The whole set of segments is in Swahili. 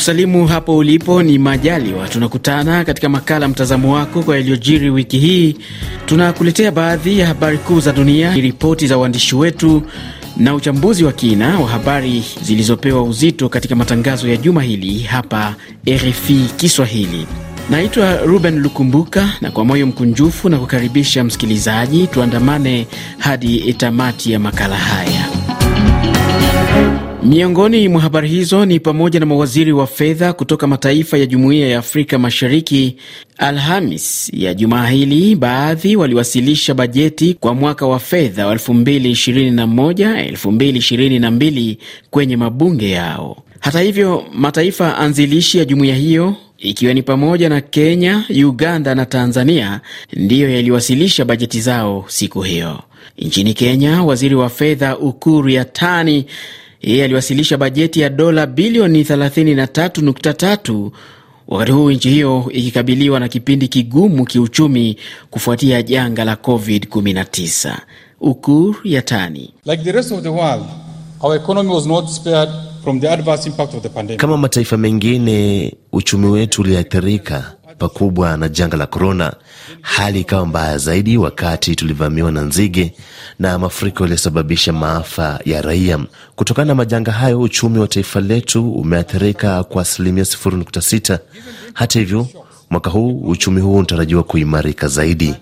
kusalimu hapo ulipo. Ni Majaliwa, tunakutana katika makala mtazamo wako kwa yaliyojiri wiki hii. Tunakuletea baadhi ya habari kuu za dunia, ripoti za waandishi wetu na uchambuzi wa kina wa habari zilizopewa uzito katika matangazo ya juma hili hapa RFI Kiswahili. Naitwa Ruben Lukumbuka, na kwa moyo mkunjufu na kukaribisha msikilizaji, tuandamane hadi tamati ya makala haya. Miongoni mwa habari hizo ni pamoja na mawaziri wa fedha kutoka mataifa ya jumuiya ya Afrika Mashariki Alhamis ya jumaa hili, baadhi waliwasilisha bajeti kwa mwaka wa fedha wa 2021-2022 kwenye mabunge yao. Hata hivyo, mataifa anzilishi ya jumuiya hiyo ikiwa ni pamoja na Kenya, Uganda na Tanzania ndiyo yaliwasilisha bajeti zao siku hiyo. Nchini Kenya, waziri wa fedha Ukur Yatani yeye aliwasilisha bajeti ya dola bilioni 33.3 wakati huu nchi hiyo ikikabiliwa na kipindi kigumu kiuchumi kufuatia janga la COVID-19. Ukur Yatani: like the rest of the world, our economy was not spared from the adverse impact of the pandemic. Kama mataifa mengine uchumi wetu uliathirika pakubwa na janga la korona. Hali ikawa mbaya zaidi wakati tulivamiwa na nzige na mafuriko yaliyosababisha maafa ya raia. Kutokana na majanga hayo, uchumi wa taifa letu umeathirika kwa asilimia 0.6. Hata hivyo, mwaka huu uchumi huu unatarajiwa kuimarika zaidi.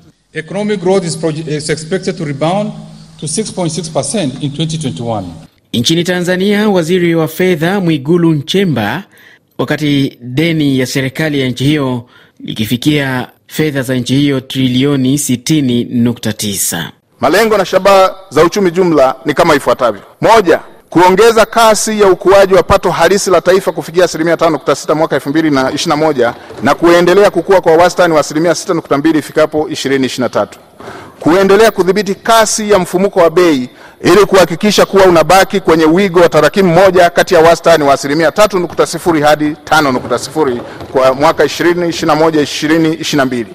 Nchini Tanzania, waziri wa fedha Mwigulu Nchemba wakati deni ya serikali ya nchi hiyo likifikia fedha za nchi hiyo trilioni 60.9. Malengo na shabaha za uchumi jumla ni kama ifuatavyo: moja, kuongeza kasi ya ukuaji wa pato halisi la taifa kufikia asilimia 5.6 mwaka 2021 na kuendelea kukua kwa wastani wa asilimia 6.2 ifikapo 2023; kuendelea kudhibiti kasi ya mfumuko wa bei ili kuhakikisha kuwa unabaki kwenye wigo wa tarakimu moja kati ya wastani wa asilimia 3.0 hadi 5.0 kwa mwaka 2021 2022.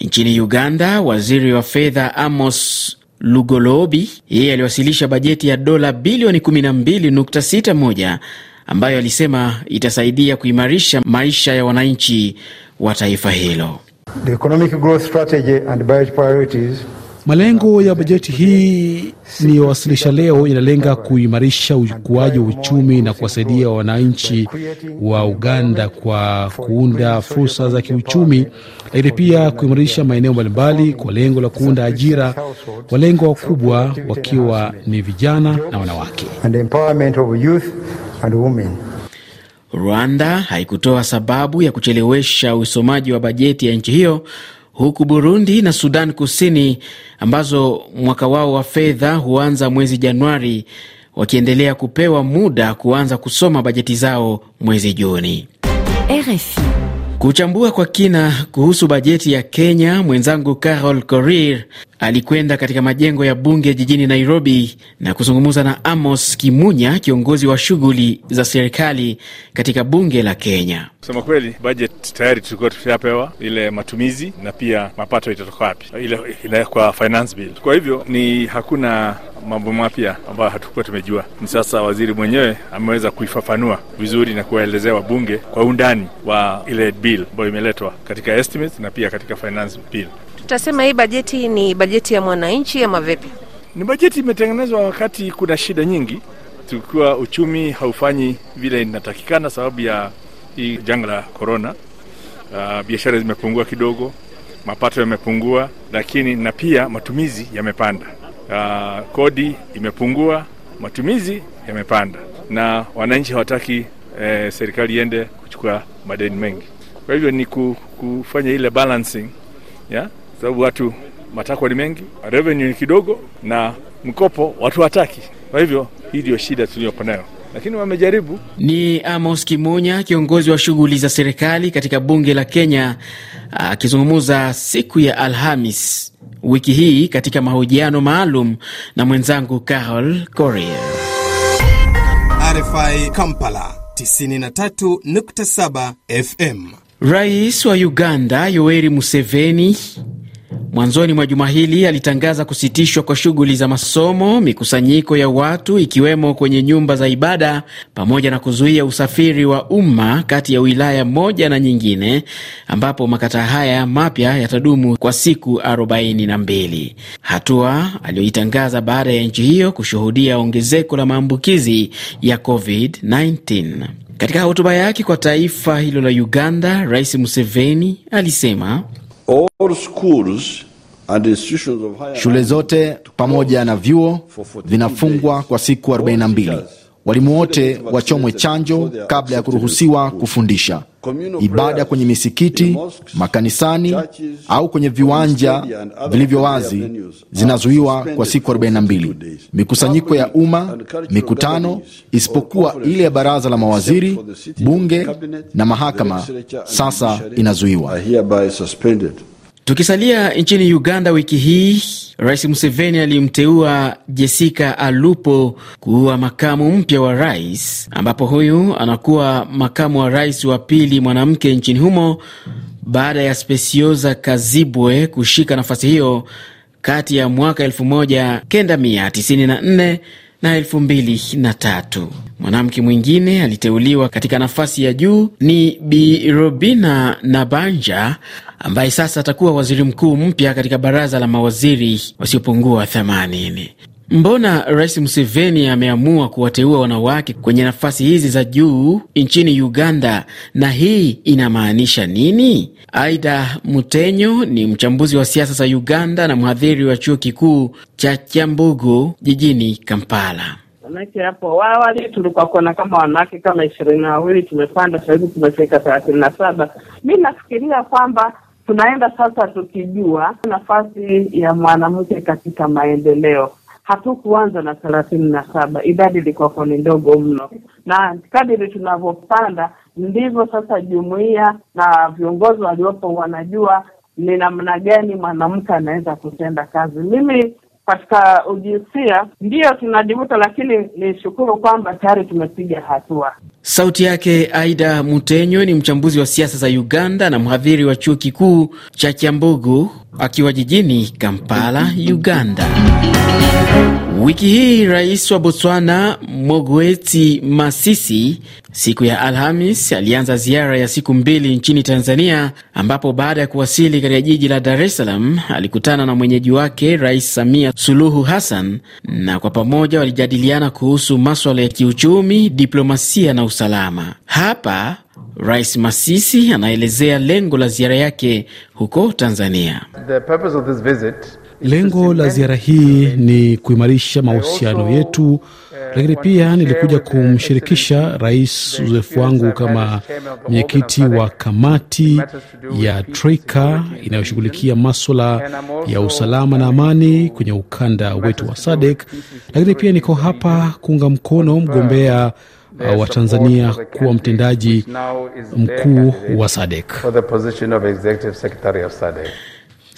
Nchini Uganda, waziri wa fedha Amos Lugolobi yeye aliwasilisha bajeti ya dola bilioni 12.61 ambayo alisema itasaidia kuimarisha maisha ya wananchi wa taifa hilo. The economic growth strategy and budget priorities Malengo ya bajeti hii niliyowasilisha leo inalenga kuimarisha ukuaji wa uchumi na kuwasaidia wananchi wa Uganda kwa kuunda fursa za kiuchumi, lakini pia kuimarisha maeneo mbalimbali kwa lengo la kuunda ajira, walengo wakubwa wakiwa ni vijana na wanawake. Rwanda haikutoa sababu ya kuchelewesha usomaji wa bajeti ya nchi hiyo huku Burundi na Sudan Kusini ambazo mwaka wao wa fedha huanza mwezi Januari wakiendelea kupewa muda kuanza kusoma bajeti zao mwezi Juni. RFI. Kuchambua kwa kina kuhusu bajeti ya Kenya, mwenzangu Carol Korir alikwenda katika majengo ya bunge jijini Nairobi na kuzungumza na Amos Kimunya, kiongozi wa shughuli za serikali katika bunge la Kenya. Kusema kweli, budget tayari tulikuwa tushapewa ile matumizi na pia mapato itatoka wapi, ile inawekwa finance bill. Kwa hivyo ni hakuna mambo mapya ambayo hatukuwa tumejua. Ni sasa waziri mwenyewe ameweza kuifafanua vizuri na kuwaelezea wabunge kwa undani wa ile bill ambayo imeletwa katika estimates na pia katika finance bill. Tutasema hii bajeti ni bajeti ya mwananchi ama vipi? Ni bajeti imetengenezwa wakati kuna shida nyingi, tukiwa uchumi haufanyi vile inatakikana sababu ya hii janga la korona. Uh, ah, biashara zimepungua kidogo, mapato yamepungua, lakini na pia matumizi yamepanda. Uh, kodi imepungua, matumizi yamepanda, na wananchi hawataki eh, serikali iende kuchukua madeni mengi. Kwa hivyo ni kufanya ile balancing ya sababu watu matakwa ni mengi, revenue ni kidogo, na mkopo watu hataki. Kwa hivyo hii ndio shida tuliyopo nayo, lakini wamejaribu. Ni Amos Kimunya, kiongozi wa shughuli za serikali katika bunge la Kenya, akizungumza siku ya Alhamis wiki hii katika mahojiano maalum na mwenzangu Carol Korir. RFI Kampala 93.7 FM. Rais wa Uganda Yoweri Museveni Mwanzoni mwa juma hili alitangaza kusitishwa kwa shughuli za masomo, mikusanyiko ya watu ikiwemo kwenye nyumba za ibada, pamoja na kuzuia usafiri wa umma kati ya wilaya moja na nyingine, ambapo makataa haya mapya yatadumu kwa siku 42, hatua aliyoitangaza baada ya nchi hiyo kushuhudia ongezeko la maambukizi ya COVID-19. Katika hotuba yake kwa taifa hilo la Uganda, Rais Museveni alisema Shule zote pamoja na vyuo vinafungwa kwa siku 42 Walimu wote wachomwe chanjo kabla ya kuruhusiwa kufundisha. Ibada kwenye misikiti, makanisani au kwenye viwanja vilivyo wazi zinazuiwa kwa siku 42. Mikusanyiko ya umma, mikutano, isipokuwa ile ya baraza la mawaziri, bunge na mahakama, sasa inazuiwa. Tukisalia nchini Uganda, wiki hii Rais Museveni alimteua Jessica Alupo kuwa makamu mpya wa rais, ambapo huyu anakuwa makamu wa rais wa pili mwanamke nchini humo baada ya Specioza Kazibwe kushika nafasi hiyo kati ya mwaka 1994 na elfu mbili na tatu. Mwanamke mwingine aliteuliwa katika nafasi ya juu ni Bi Robina Nabanja ambaye sasa atakuwa waziri mkuu mpya katika baraza la mawaziri wasiopungua 80. Mbona Rais Museveni ameamua kuwateua wanawake kwenye nafasi hizi za juu nchini Uganda, na hii inamaanisha nini? Aida Mutenyo ni mchambuzi wa siasa za Uganda na mhadhiri wa chuo kikuu cha Kyambogo jijini Kampala. Manake hapo awali tulikuwa kuona kama wanawake kama ishirini na wawili tumepanda, sahizi tumefika thelathini na saba. Mi nafikiria kwamba tunaenda sasa tukijua nafasi ya mwanamke katika maendeleo hatukuanza na thelathini na saba. Idadi ilikuwa ni ndogo mno, na kadiri tunavyopanda ndivyo sasa jumuiya na viongozi waliopo wanajua ni namna gani mwanamke anaweza kutenda kazi. Mimi katika ujinsia ndiyo tunajivuta, lakini ni shukuru kwamba tayari tumepiga hatua. Sauti yake Aida Mutenyo ni mchambuzi wa siasa za Uganda na mhadhiri wa chuo kikuu cha Kyambogo akiwa jijini Kampala, Uganda. Wiki hii rais wa Botswana Mogweti Masisi Siku ya Alhamis alianza ziara ya siku mbili nchini Tanzania, ambapo baada ya kuwasili katika jiji la Dar es Salaam alikutana na mwenyeji wake Rais Samia Suluhu Hassan, na kwa pamoja walijadiliana kuhusu maswala ya kiuchumi, diplomasia na usalama. Hapa Rais Masisi anaelezea lengo la ziara yake huko Tanzania. The Lengo la ziara hii ni kuimarisha mahusiano yetu, lakini pia nilikuja kumshirikisha rais uzoefu wangu kama mwenyekiti wa kamati ya troika inayoshughulikia maswala ya usalama na amani kwenye ukanda wetu wa SADC, lakini pia niko hapa kuunga mkono mgombea uh, wa Tanzania kuwa mtendaji mkuu wa SADC.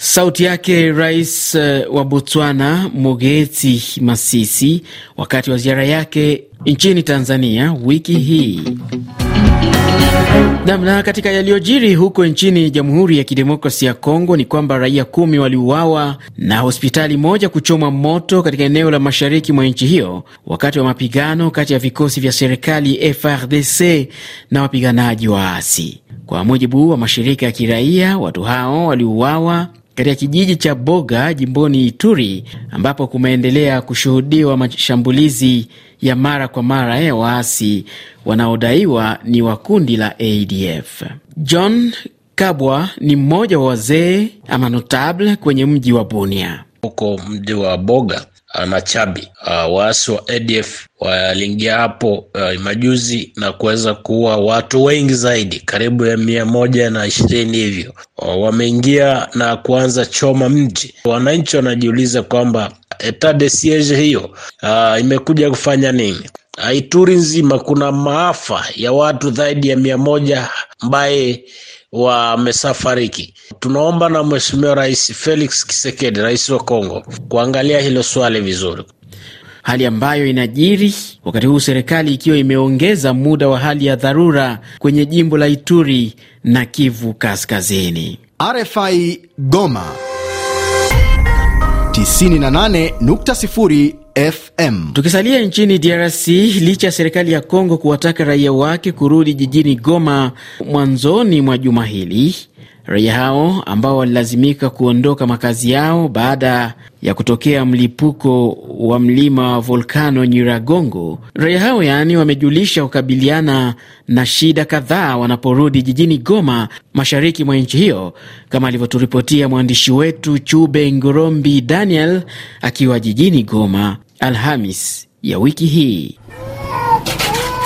Sauti yake rais uh, wa Botswana mogetsi Masisi wakati wa ziara yake nchini Tanzania wiki hii. Namna katika yaliyojiri huko nchini Jamhuri ya kidemokrasi ya Kongo ni kwamba raia kumi waliuawa na hospitali moja kuchoma moto katika eneo la mashariki mwa nchi hiyo wakati wa mapigano kati ya vikosi vya serikali FRDC na wapiganaji waasi. Kwa mujibu wa mashirika ya kiraia, watu hao waliuawa katika kijiji cha Boga jimboni Ituri ambapo kumeendelea kushuhudiwa mashambulizi ya mara kwa mara ya waasi wanaodaiwa ni wa kundi la ADF. John Kabwa ni mmoja wa wazee ama notable kwenye mji wa Bunia. Huko mji wa Boga Nachabi. Uh, uh, waasi wa ADF waliingia hapo uh, majuzi na kuweza kuua watu wengi zaidi, karibu ya mia moja na ishirini hivyo. Uh, wameingia na kuanza choma mji. Wananchi wanajiuliza kwamba etat de siege hiyo uh, imekuja kufanya nini? Uh, Ituri nzima kuna maafa ya watu zaidi ya mia moja ambaye wamesafariki. Tunaomba na Mheshimiwa Rais Felix Tshisekedi, rais wa Kongo, kuangalia hilo swali vizuri hali ambayo inajiri wakati huu serikali ikiwa imeongeza muda wa hali ya dharura kwenye jimbo la Ituri na Kivu Kaskazini. RFI Goma 98.0 FM. Tukisalia nchini DRC, licha ya serikali ya Kongo kuwataka raia wake kurudi jijini Goma mwanzoni mwa juma hili, raia hao ambao walilazimika kuondoka makazi yao baada ya kutokea mlipuko wa mlima wa volkano Nyiragongo. Raia hao yaani wamejulisha kukabiliana na shida kadhaa wanaporudi jijini Goma, mashariki mwa nchi hiyo, kama alivyoturipotia mwandishi wetu Chube Ngorombi Daniel akiwa jijini Goma. Alhamis ya wiki hii.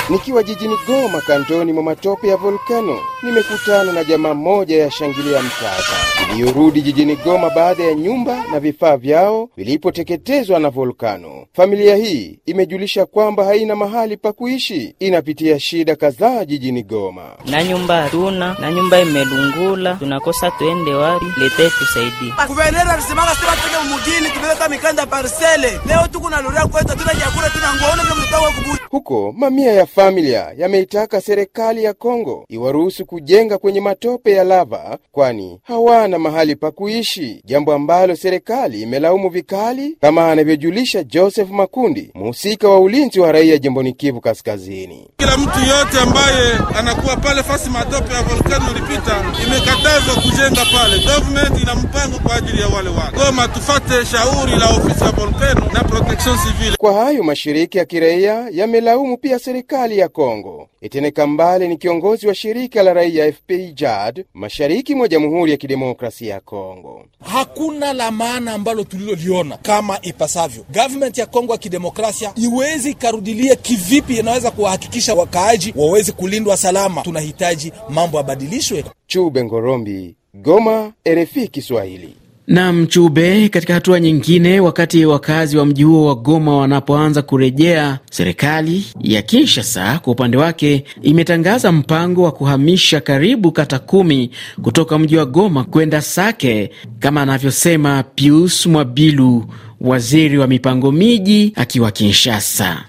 Nikiwa jijini Goma, kandoni mwa matope ya volkano, nimekutana na jamaa moja ya shangilia mtaka iliyorudi jijini Goma baada ya nyumba na vifaa vyao vilipoteketezwa na volkano. Familia hii imejulisha kwamba haina mahali pa kuishi, inapitia shida kadhaa jijini Goma. Na nyumba hatuna, na nyumba imelungula, tunakosa tuende wapi, letee tusaidie. Kuvenera alisemaka sema tuende mjini, tumeweka mikanda parsele, leo tuko kwetu, hatuna chakula, tuna ngono, tunataka kubuja huko mamia ya Familia yameitaka serikali ya Kongo iwaruhusu kujenga kwenye matope ya lava, kwani hawana mahali pa kuishi, jambo ambalo serikali imelaumu vikali, kama anavyojulisha Joseph Makundi, mhusika wa ulinzi wa raia jimboni Kivu Kaskazini. Kila mtu yote ambaye anakuwa pale fasi matope ya volkano ulipita, imekatazwa kujenga pale. Government ina mpango kwa ajili ya wale wale. Goma, tufate shauri la ofisi ya volkano na protection civile. Kwa hayo mashirika ya kiraia yamelaumu pia serikali serikali ya Kongo. Etene Kambale ni kiongozi wa shirika la raia FPI JAD mashariki mwa Jamhuri ya Kidemokrasia ya Kongo. Hakuna la maana ambalo tuliloliona kama ipasavyo, government ya Kongo ya Kidemokrasia iwezi ikarudilia kivipi, inaweza kuwahakikisha wakaaji wawezi kulindwa salama. Tunahitaji mambo yabadilishwe. Chube Ngorombi, Goma, RFI Kiswahili na Mchube. Katika hatua nyingine, wakati wakazi wa mji huo wa Goma wanapoanza kurejea, serikali ya Kinshasa kwa upande wake imetangaza mpango wa kuhamisha karibu kata kumi kutoka mji wa Goma kwenda Sake, kama anavyosema Pius Mwabilu, waziri wa mipango miji akiwa Kinshasa.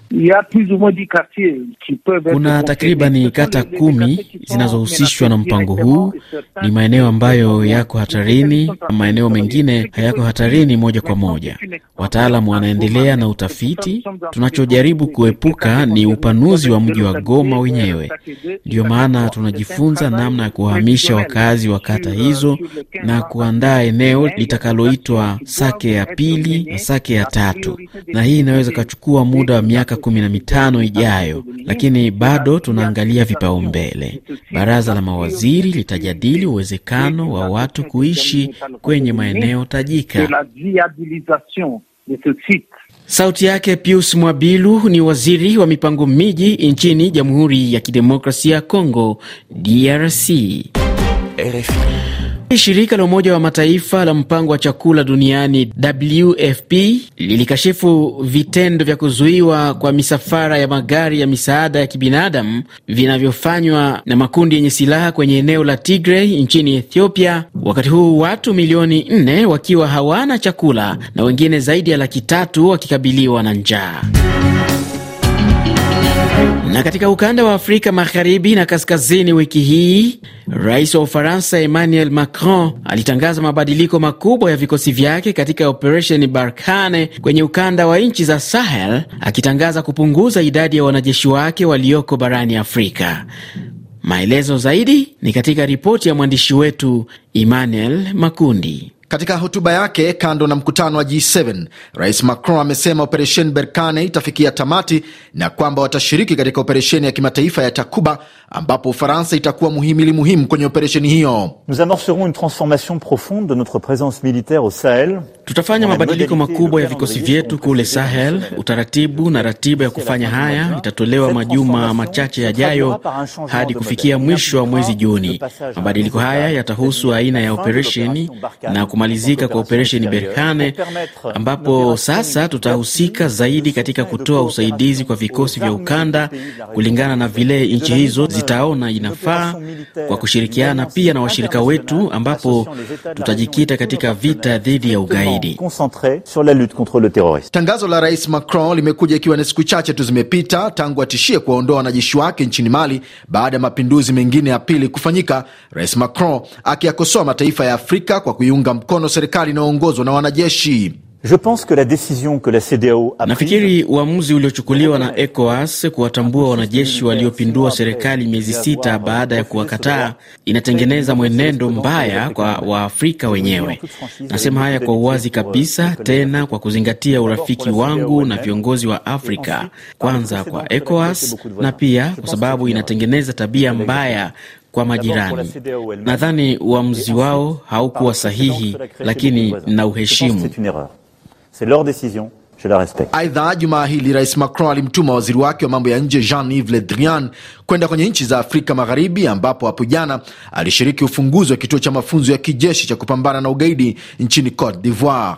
Kuna takribani kata kumi zinazohusishwa na mpango huu. Ni maeneo ambayo yako hatarini, maeneo mengine hayako hatarini moja kwa moja. Wataalamu wanaendelea na utafiti. Tunachojaribu kuepuka ni upanuzi wa mji wa Goma wenyewe, ndiyo maana tunajifunza namna ya kuwahamisha wakazi wa kata hizo na kuandaa eneo litakaloitwa Sake ya pili sake ya tatu, na hii inaweza ikachukua muda wa miaka kumi na mitano ijayo, lakini bado tunaangalia vipaumbele. Baraza la mawaziri litajadili uwezekano wa watu kuishi kwenye maeneo tajika. Sauti yake Pius Mwabilu ni waziri wa mipango miji nchini Jamhuri ya Kidemokrasia ya Kongo DRC RFI. Shirika la Umoja wa Mataifa la mpango wa chakula duniani WFP lilikashifu vitendo vya kuzuiwa kwa misafara ya magari ya misaada ya kibinadamu vinavyofanywa na makundi yenye silaha kwenye eneo la Tigray nchini Ethiopia, wakati huu watu milioni nne wakiwa hawana chakula na wengine zaidi ya laki tatu wakikabiliwa na njaa. Na katika ukanda wa Afrika magharibi na kaskazini, wiki hii rais wa Ufaransa Emmanuel Macron alitangaza mabadiliko makubwa ya vikosi vyake katika operesheni Barkhane kwenye ukanda wa nchi za Sahel, akitangaza kupunguza idadi ya wanajeshi wake walioko barani Afrika. Maelezo zaidi ni katika ripoti ya mwandishi wetu Emmanuel Makundi. Katika hotuba yake kando na mkutano wa G7, Rais Macron amesema operesheni Berkane itafikia tamati na kwamba watashiriki katika operesheni ya kimataifa ya Takuba ambapo Ufaransa itakuwa muhimili muhimu kwenye operesheni hiyo. Tutafanya mabadiliko makubwa ya vikosi vyetu kule Sahel. Utaratibu na ratiba ya kufanya haya itatolewa majuma machache yajayo hadi kufikia mwisho wa mwezi Juni. Mabadiliko haya yatahusu aina ya operesheni na kumalizika kwa operesheni Berkane, ambapo sasa tutahusika zaidi katika kutoa usaidizi kwa vikosi vya ukanda kulingana na vile nchi hizo zitaona inafaa, kwa kushirikiana pia na washirika wetu, ambapo tutajikita katika vita dhidi ya ugaidi. Tangazo la Rais Macron limekuja ikiwa ni siku chache tu zimepita tangu atishie kuwaondoa wanajeshi wake nchini Mali baada ya mapinduzi mengine ya pili kufanyika, Rais Macron akiyakosoa mataifa ya Afrika kwa kuiunga mkono serikali inayoongozwa na wanajeshi. Nafikiri uamuzi uliochukuliwa na ECOWAS kuwatambua wanajeshi waliopindua serikali miezi sita baada ya kuwakataa inatengeneza mwenendo mbaya kwa Waafrika wenyewe. Nasema haya kwa uwazi kabisa, tena kwa kuzingatia urafiki wangu na viongozi wa Afrika, kwanza kwa ECOWAS na pia kwa sababu inatengeneza tabia mbaya kwa majirani. Nadhani uamuzi wao haukuwa sahihi, lakini na uheshimu. Aidha, jumaa hili Rais Macron alimtuma waziri wake wa mambo ya nje Jean Yves Le Drian kwenda kwenye nchi za Afrika Magharibi, ambapo hapo jana alishiriki ufunguzi wa kituo cha mafunzo ya kijeshi cha kupambana na ugaidi nchini Cote d'Ivoire.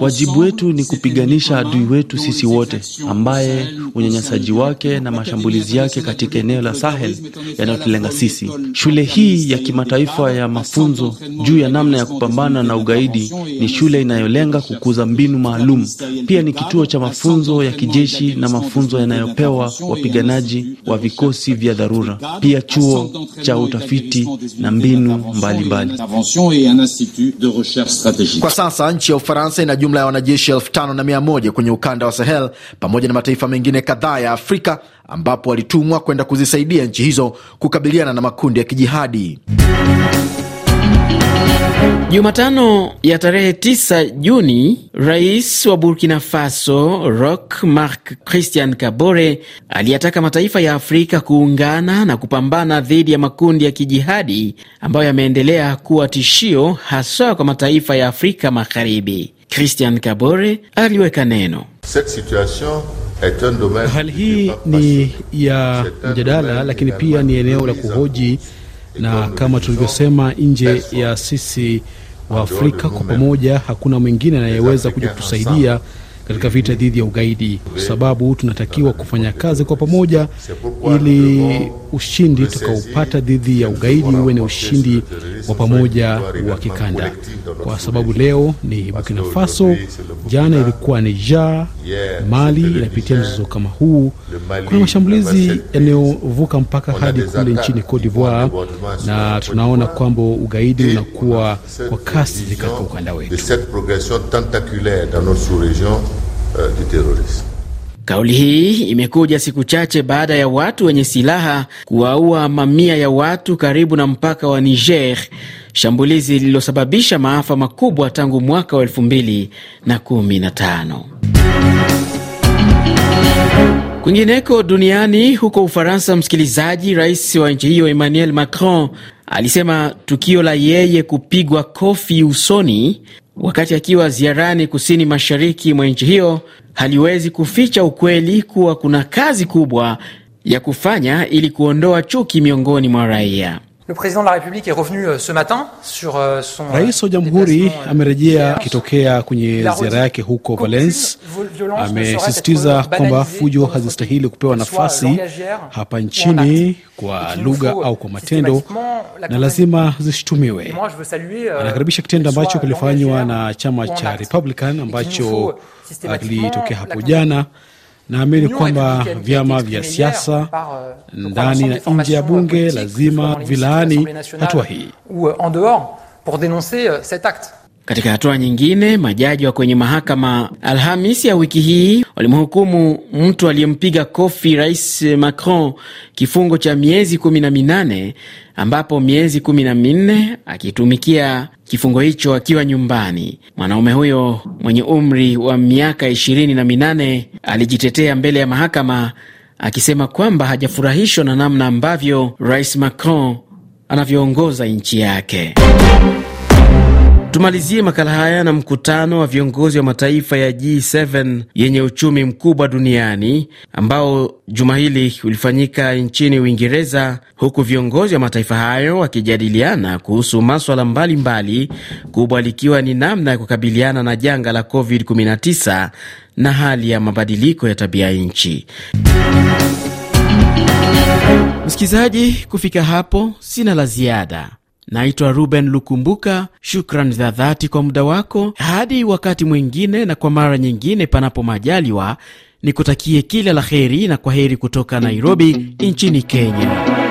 Wajibu wetu ni kupiganisha adui wetu sisi wote, ambaye unyanyasaji wake na mashambulizi yake katika eneo la Sahel yanayotulenga sisi. Shule hii ya kimataifa ya mafunzo juu ya namna ya kupambana na ugaidi ni shule inayo inayolenga kukuza mbinu maalum. Pia ni kituo cha mafunzo ya kijeshi na mafunzo yanayopewa wapiganaji wa vikosi vya dharura, pia chuo cha utafiti na mbinu mbalimbali mbali. Kwa sasa nchi ya Ufaransa ina jumla ya wanajeshi elfu tano na mia moja kwenye ukanda wa Sahel pamoja na mataifa mengine kadhaa ya Afrika ambapo walitumwa kwenda kuzisaidia nchi hizo kukabiliana na makundi ya kijihadi. Jumatano ya tarehe 9 Juni, rais wa Burkina Faso Roch Marc Christian Kabore aliyataka mataifa ya Afrika kuungana na kupambana dhidi ya makundi ya kijihadi ambayo yameendelea kuwa tishio haswa kwa mataifa ya Afrika Magharibi. Christian Kabore aliweka neno hali hii ni ya mjadala, lakini pia ni eneo la kuhoji na kama tulivyosema, nje ya sisi wa Afrika kwa pamoja, hakuna mwingine anayeweza kuja kutusaidia katika vita dhidi ya ugaidi, kwa sababu tunatakiwa kufanya kazi kwa pamoja ili ushindi tukaupata dhidi ya ugaidi uwe ni ushindi wa pamoja wa kikanda, kwa sababu leo ni Burkina Faso, jana ilikuwa Niger, Mali inapitia mzozo kama huu. Kuna mashambulizi yanayovuka mpaka hadi kule nchini Cote d'Ivoire, na tunaona kwamba ugaidi unakuwa kwa kasi katika ukanda wetu. Kauli hii imekuja siku chache baada ya watu wenye silaha kuwaua mamia ya watu karibu na mpaka wa Niger, shambulizi lililosababisha maafa makubwa tangu mwaka wa 2015. Kwingineko duniani, huko Ufaransa, msikilizaji, rais wa nchi hiyo Emmanuel Macron alisema tukio la yeye kupigwa kofi usoni wakati akiwa ziarani kusini mashariki mwa nchi hiyo haliwezi kuficha ukweli kuwa kuna kazi kubwa ya kufanya ili kuondoa chuki miongoni mwa raia. Le président de la République est revenu euh, ce matin sur euh, son euh, Rais wa Jamhuri amerejea akitokea kwenye ziara yake huko Valence. Amesisitiza kwamba fujo hazistahili kupewa nafasi hapa nchini kwa lugha au kwa matendo na lazima zishtumiwe. Anakaribisha kitendo ambacho kilifanywa na chama cha Republican ambacho kilitokea hapo jana Naamini kwamba vyama vya siasa euh, ndani na nje ya bunge euh, lazima vilaani hatua hii. Euh, katika hatua nyingine, majaji wa kwenye mahakama Alhamisi ya wiki hii walimhukumu mtu aliyempiga kofi Rais Macron kifungo cha miezi kumi na minane ambapo miezi kumi na minne akitumikia kifungo hicho akiwa nyumbani. Mwanaume huyo mwenye umri wa miaka ishirini na minane alijitetea mbele ya mahakama akisema kwamba hajafurahishwa na namna ambavyo Rais Macron anavyoongoza nchi yake. Tumalizie makala haya na mkutano wa viongozi wa mataifa ya G7 yenye uchumi mkubwa duniani ambao juma hili ulifanyika nchini Uingereza, huku viongozi wa mataifa hayo wakijadiliana kuhusu maswala mbalimbali, kubwa likiwa ni namna ya kukabiliana na janga la COVID-19 na hali ya mabadiliko ya tabia nchi. Msikilizaji, kufika hapo sina la ziada. Naitwa Ruben Lukumbuka. Shukrani za dhati kwa muda wako. Hadi wakati mwingine, na kwa mara nyingine, panapo majaliwa, nikutakie kila la heri na kwa heri kutoka Nairobi nchini Kenya.